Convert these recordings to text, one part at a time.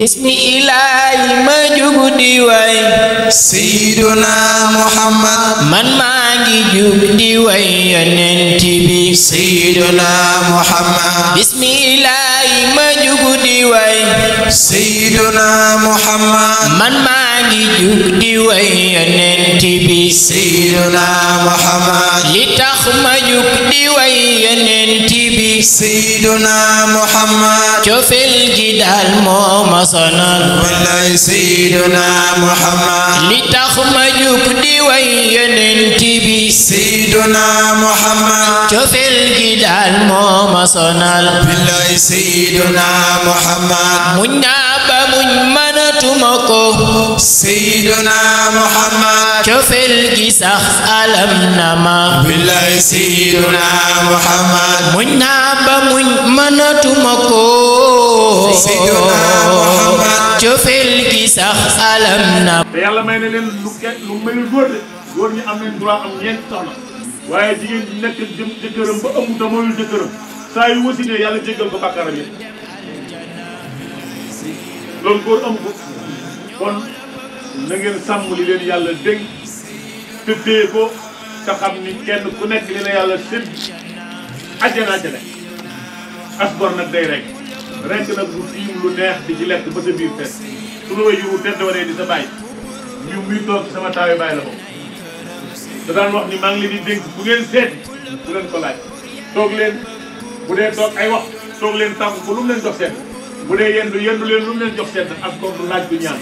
ismi ilaahi ma jugu di way sayyiduna muhammad man maa ngi jug di way yonent bi sayyiduna muhammad ismi ilaahi ma jugu di way sayyiduna muhammad man maa ngi jug di way yonent bi sayyiduna muhammad li tax ma jug di way yonent سيدنا محمد شوف الجدال موما صنال والله سيدنا محمد لتخم جبدي وين تبي سيدنا محمد شوف الجدال موما صنال والله سيدنا محمد منا مجمنة مكو سيدنا محمد كفل جسخ ألم نما بالله سيدنا محمد منا بمجمنة مكو سيدنا محمد كفل جسخ ألم نما يا مين لين لوكين لومين الغور غور ني امين درا ام نين تولا واي جيجين نيك ديم ديكرم با امو يا ديكرم ساي وسيني يالا جيجال با بكارام loolu góor amu ko kon na ngeen sàmm li leen yàlla dégg te dee ko te xam ni kenn ku nekk li la yàlla sëb ajjana ajjana as gor nag day rek rek nag lu tiim lu neex di ci lekk ba sa biir fees su la way yu tedd waree di sa bàyyi ñu muy toog sama taawi bàyyi la ko da daan wax ni maa ngi leen di dégg bu ngeen seet bu leen ko laaj toog leen bu dee toog ay wax toog leen tàmm ko lu mu leen jox seen bu dee yendu yendu leen lu mu leen jox sedd ak gor du laaj du ñaan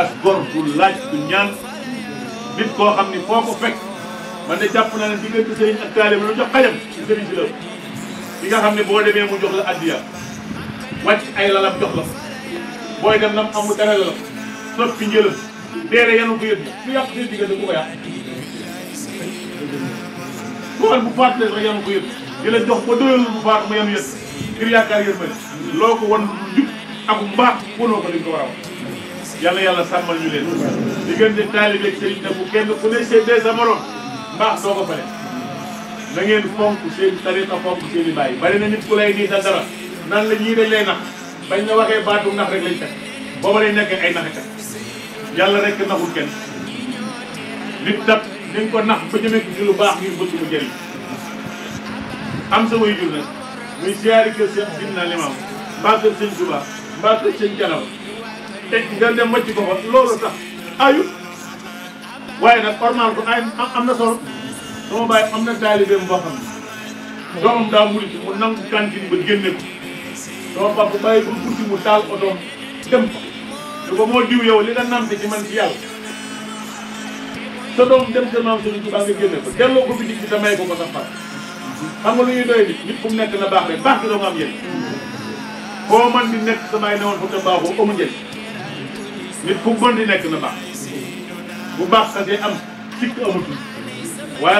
ak gor du laaj du ñaan nit koo xam ni foo ko fekk man de jàpp naa ne diggante sëriñ ak taalib lu jox xajam ci sëriñ si la li xam ne boo demee mu jox la addiya wàcc ay lalam jox la booy dem nam amul dara la soppi njëlam deere yanu ko yëpp su yàq seen diggante bu ko yàq bu bu faatulee sax yanu ko yëpp di jox ba doyalul bu faatu ma yanu yëpp ngir yaakaar yërmande loo ko wan jub ak mbaax wanoo ko li nga war yàlla yàlla sàmmal ñu leen diggante taalibe ak sëriñ nag bu kenn ku ne seetee sa morom mbaax doo ko fale na ngeen fonk seen a fonk seen i bàyyi bari na nit ku lay nii sa dara nan la ñii dañ lay nax bañ la waxee baatu nax rek lañ teg booba lay nekkee ay naxekat yàlla rek naxul kenn nit tat dañ ko nax ba jëmee lu baax ngir bëgg mu jëriñ am sa way jur nag muy siyaari kër seen Seydina Limaam mbaa kër seen Tuubaa mbaa kër seen Janaw te nga dem wàcc ko fa loolu tax ayut waaye nag ormaal ko ay am na solo sama bàyyi am na taalibeem boo xam ne doomam daa murit mu nangu cantine ba génne ko sama papa bàyyi ba guddi mu taal otoom dem ko moo diw yow li la namte ci man ci yàlla sa doom dem sa maam Sëriñ Tuubaa nga génne ko delloo ko bitik bi damay ko ko sa papa xam nga lu doy nit nit fu nekk na baax rek baax gi doo nga am njëriñ koo mën di nekk sa bàyyi fu te baaxoo amul nekk na baax bu am sikk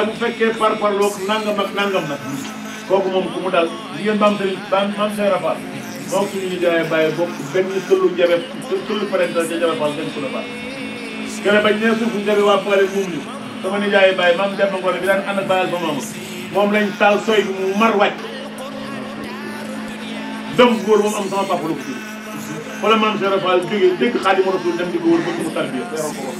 bu fekkee par par loog nangam ak nangam nag kooku moom ku mu dal jigéen baam sëriñ baam maam sëriñ Rafal moom suñu ñu jaayee bàyyi bokk benn sama nijaay bàyyi maam Demba Ngone bi daan ànd ak bàyyal ba maamu moom lañ taal sooy bi mu mar wàcc dem góor moom am sama papa lu ko jur. xoolal maam Cheikh Fall jógee dégg Xaadimu Rasuul dem di ko wër ba mu tarbiya yaroon ko wax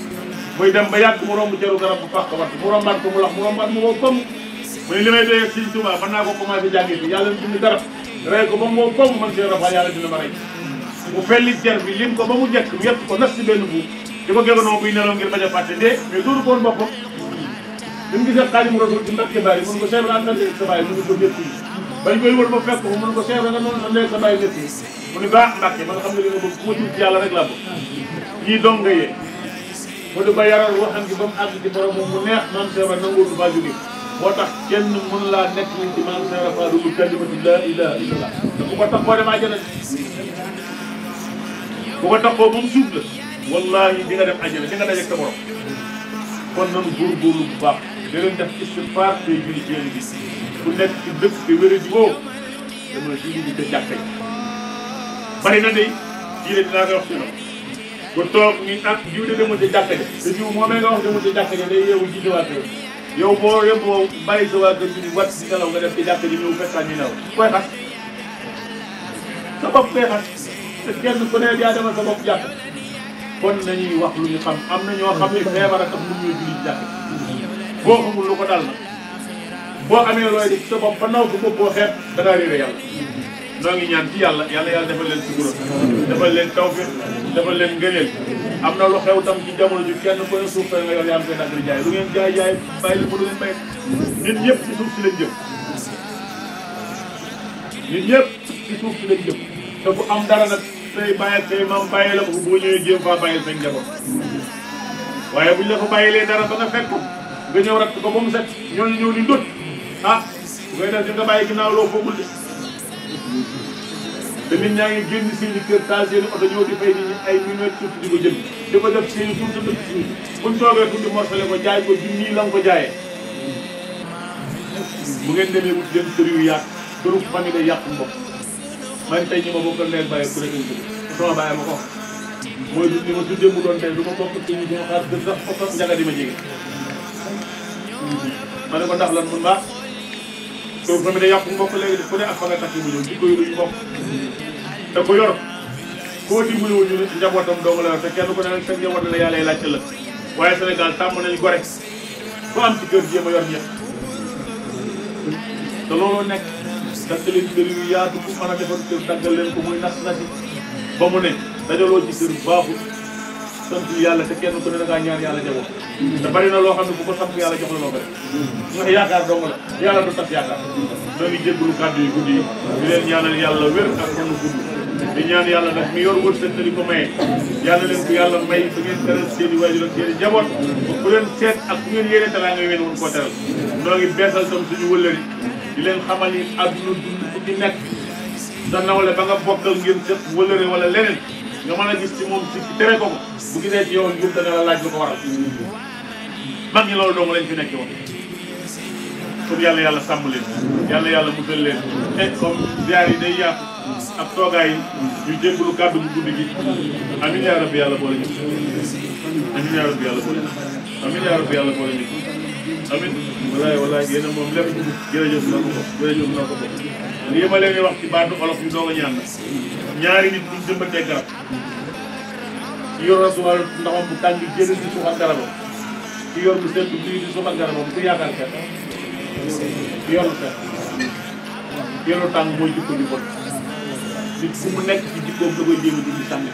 muy dem ba yàgg mu ceru garab bu fàq wat mu rombaat ko mu lax mu rombaat mu wow koom mu ne li may doyee Sëriñ Tuubaa mën naa ko commencé jàngee fi yàlla dindi garab rey ko ba mu man Cheikh Fall yàlla dina ma mu felli cer bi ko ba mu jekk mu yett ko nas si benn buub di ko gegonoo a fàtte dee mais dooru bi mu gisee Xaadimu Rasuul ci Mbàkke Baari mun ko seebra am na nekk sa baay mun ko métti yi bañ koy wër ba fekk ko mun ko seebra nga noonu am nekk sa baay métti yi mu ni baax Mbàkke man xam ne li nga bëgg ku ma jub ci yàlla rek laa bëgg yii dong nga yee mu di ba yaral waxam gi ba mu àgg ci borom moom mu neex maam seebra nanguwul faa jóge moo tax kenn mën laa nekk ni ci maam seebra faa dugg kalimatu laa ilaaha illallaah ku ko tax koo dem àjjana bu ko taxoo moom dem àjjana di nga dajeeg sa borom kon da doon def istixfaar tey julli ci yéen gis ku nekk ci dëkk bi te jàppe bari na day jii de dinaa ko ah, de demoon ci jàkka ja te jiw moomee nga wax demoon ci jàkka ja day yeewu jiite waa kër yow boo yóbboo gi ni wat si nelaw nga def ci jàkka ji ñëw fekkaa ñu nelaw koy xas sa bopp koy xas te kenn ku yaa demal sa bopp jàkka kon nañuy wax lu ñu xam am na ñoo xam ne feebar a mun ñoo julli jàkka boo xamul lu ko dal na boo amee looy def sa bopp ba naw ko boo xeet dangaa réere yàlla noo ñaan ci yàlla yàlla yàlla defal leen sugura defal leen tawfeex defal leen ngëneel am na lu xew tam ci jamono ji kenn ko ne suuf nga yor yaa ngi koy di jaay lu ngeen jaay jaay bàyyi li mu leen may nit ñëpp ci suuf si lañ jëm nit ñëpp ci suuf bu am la ko boo ñëwee dara ba nga fekk nga ñew rat ko ba set ñoo ñëw ni ndóot ah ngay def ci nga ginaaw lo loo foogul de min nit genn ci génn keur ta kër taal seen di fay ni ñi ay million suuf di ko jël di ko def seen i suuf ci suuf buñ toogee tuuti morsalé ko jaay ko di ni la ko jaay bu ngeen demé wut dem ci yu yaak këru famille day yàq mbokk man tay ñi ma bokkal leen baye ku nekk sama baye mako moy mooy ni ma tuddee mu doon tay du ma bokk ci ñu xaar de sax oto jaga di ma jege ma ne ko ndax lan mun baax doo fa mi de yàqu mbokk léegi ku ne ak fa nga takk mu ñëw jikko yu duñ bokk te ko yor koo dimbali wu ñu njabootam dong la yor te kenn ku ne nag sa njaboot waaye Sénégal tàmm nañu gore ku am ci kër jéem a yor ñëpp te looloo nekk dakk leen kër yu yaatu ku mën a defar kër daggal leen ko muy nas nasi ba mu ne dajaloo ci kër baaxul sant yàlla te kenn ku ne da ñaan yàlla njaboot te bari na loo xam ne bu ko sant yàlla jox la loo yàlla du tas yaakaar ñoo ngi jégalu kàddu yàlla wér mi yor wërsëg te di ko maye yàlla leen ko yàlla may ba seen i waajur ak seen i njaboot di leen xamal ni àdduna dund ku sa nawle ba nga bokkal ngeen sëpp wëllëri wala leneen nga mën a gis ci moom si tere ko ko bu gisee ci yow njub dana la laaj lu ko a mag ñi loolu dong lañ fi nekk woon kon yàlla yàlla sàmm leen yàlla yàlla musal leen te comme ziar yi day yàqu ak toogaay yi ñu jéggalu bu guddi gi amin yaa rabbi yàlla boole ñu amin yaa rabbi yàlla boole ñu amin yaa rabbi yàlla boole ñu amin walaay walaay yéen a moom lépp jërëjëf na ko ko jërëjëf wax ci baatu olof ñu doog a ñaan ñaari nit buñ jëmbatee garab ki yor rasuwaal ndoxam bu tàng génn di suuxal garabam ki yor bu sedd bi di suuxal garabam ku yaakaar fet ki yor lu fet ki yor lu tàng mooy jikko ju bon nit fu mu nekk ci jikkoom da koy jéem a dindi sànni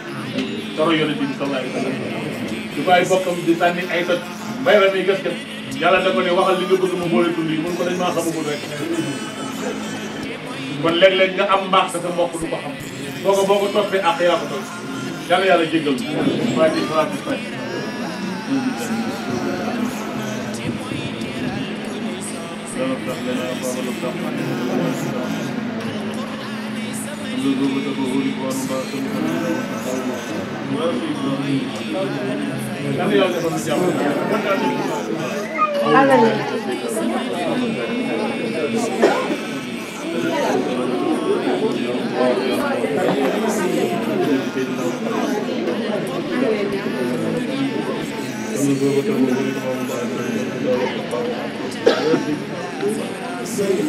toro yonent bi sallallahu alayhi wa sallam du bàyyi bokkam di sànni ay toj mbay la nay gas kat yàlla da ko ne waxal li nga bëgg ma boole tundi mun ko dañ maa xamagul rek kon léeg-léeg nga am mbaax sa sa mbokk du ko xam boko boko toppé ak ya ko tok yalla yalla jéggal ma ci salat ci fay Thank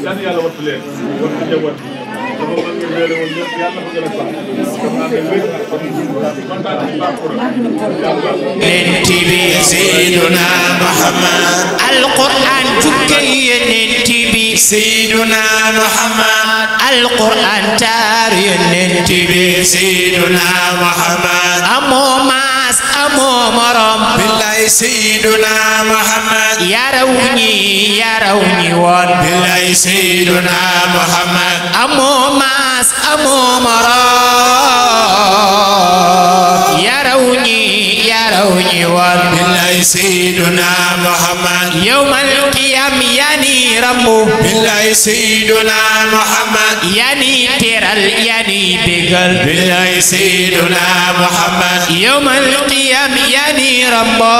yan yàlla wattu leen wattu njaboot dafa mën nga wéere woon ñëpp yàlla bëgg la baax xam naa ne wér kontaan ci baaxura من تبي سيدنا محمد القرآن تكي ينتبي سيدنا محمد alquran taar yonent bi sayyiduna muhammad amoo maas amoo morom billahi sayyiduna muhammad yaraw ñi yaraw ñi woon billahi sayyiduna muhammad amoo maas amoo morom يروني يروني بالله سيدنا محمد يوم القيام ياني رمو بالله سيدنا محمد ياني تيرال ياني دقل بالله سيدنا محمد يوم القيام ياني رمو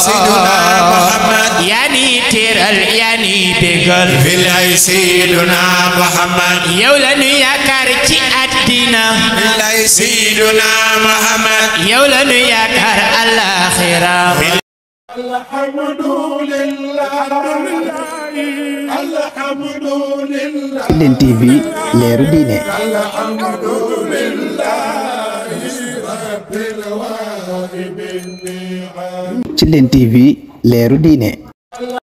سيدنا محمد ياني تيرال ياني دقل بالله سيدنا محمد يولا يا كارتي الدين سيدنا محمد يولن يكر الآخرة الحمد لله Ndineen TV leeru diine ci Ndineen TV leeru diine